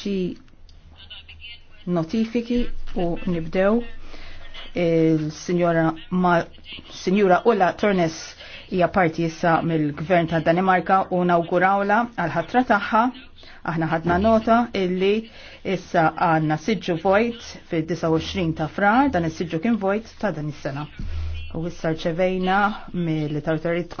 xi notifiki u nibdew il-Sinjora ma Sinjura Ulla Tornes hija parti issa mill-Gvern ta' Danimarka u nawgurawla għal ħatra tagħha. Aħna ħadna nota illi issa għandna siġġu vojt fid-29 ta' frar dan is-siġġu kien vojt ta' dan is-sena. U issa rċevejna mill-autorit